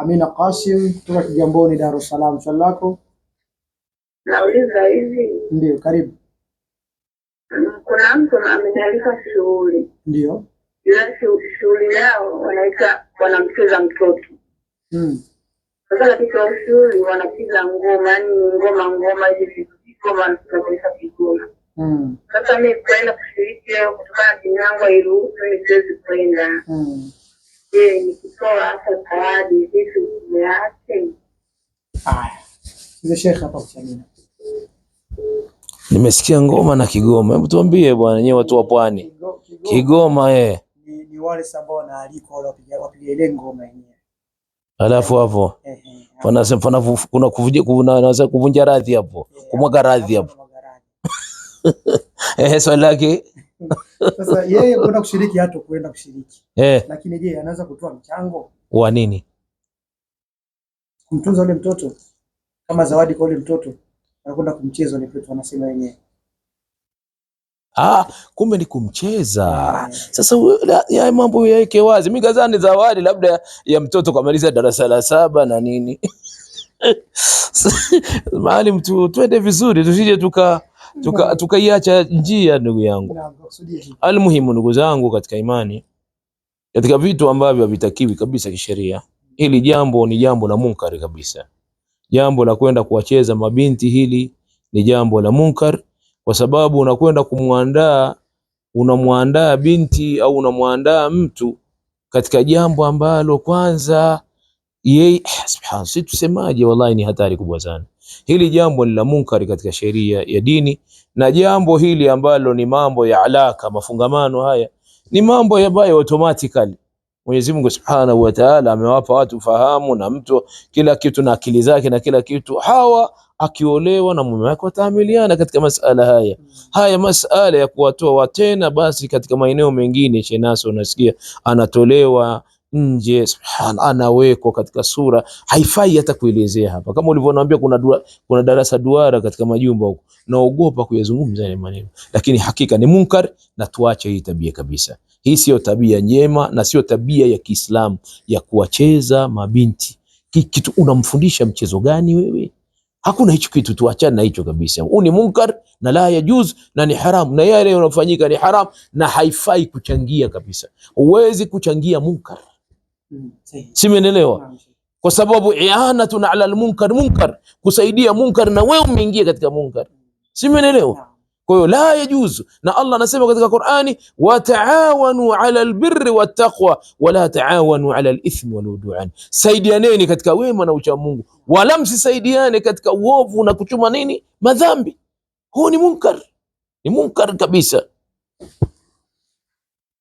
Amina Kasim kutoka Kigamboni, Dar es Salaam, swali lako. Nauliza hivi. Ndio, karibu. Mm, kuna mtu amenialika shughuli. Ndio. Ile shughuli yao wanaita wanamcheza mtoto. Mm. Sasa katika shughuli wanapiga ngoma, yani ngoma ngoma hivi ngoma na kuisa Mm. Sasa mimi kwenda pia kutoka kinyango iruhusu siwezi kwenda. Je, nikitoa zawadi Haya, Sheikh hapa Nimesikia ngoma na Kigoma. Hebu tuambie bwana, nyewe watu wa pwani Kigoma eh. alafu hapo kuna kuvunja radhi hapo, eh, kumwaga radhi hapo. Eh, swali lake Sasa yeye kwenda kushiriki hata kwenda kushiriki. Eh. Lakini je, anaweza kutoa mchango wa nini? Kumtunza yule mtoto kama zawadi kwa yule mtoto na kwenda kumcheza ni kitu anasema wenyewe. Ah, kumbe ni kumcheza. Yeah. Sasa ya mambo yake wazi. Mimi gazani zawadi labda ya mtoto kamaliza darasa la saba na nini. Maalim tu twende vizuri tusije tuka tukaiacha tuka njia, ndugu yangu. Almuhimu ndugu zangu katika imani, katika vitu ambavyo havitakiwi kabisa kisheria, hili jambo ni jambo la munkari kabisa. Jambo la kwenda kuwacheza mabinti, hili ni jambo la munkar, kwa sababu unakwenda kumwandaa, unamwandaa binti au unamwandaa mtu katika jambo ambalo kwanza yeye, subhanallah, si tusemaje, wallahi ni hatari kubwa sana. Hili jambo ni la munkari katika sheria ya dini, na jambo hili ambalo ni mambo ya alaka, mafungamano haya ni mambo ambayo automatically Mwenyezi Mungu Subhanahu wa Ta'ala amewapa watu fahamu na mtu kila kitu na akili zake na kila kitu. Hawa akiolewa na mume wake wataamiliana katika masala haya haya, masala ya kuwatoa watena, basi katika maeneo mengine shenaso unasikia anatolewa nje subhana, anawekwa katika sura haifai hata kuelezea hapa, kama ulivyonaambia kuna dua, kuna darasa duara katika majumba huko, naogopa kuyazungumza yale maneno, lakini hakika ni munkar, na tuache hii tabia kabisa. Hii sio tabia njema na sio tabia ya Kiislamu ya kuwacheza mabinti kitu. Unamfundisha mchezo gani wewe? Hakuna hicho kitu, tuachane na hicho kabisa. Huu ni munkar na la yajuz na ni haram, na yale yanayofanyika ni haram na haifai kuchangia kabisa. Huwezi kuchangia munkar Hmm, Simenelewa? Kwa sababu i'anatun ala almunkar, munkar kusaidia munkar, na wewe umeingia katika munkar. Simenelewa? Kwa hiyo la yajuzu, na Allah anasema katika Qur'ani, wataawanu ala lbiri wattaqwa wala taawanu ala alithmi waludwan, saidianeni katika wema na ucha Mungu, wala msisaidiane katika uovu na kuchuma nini, madhambi. Huu ni munkar, ni munkar kabisa.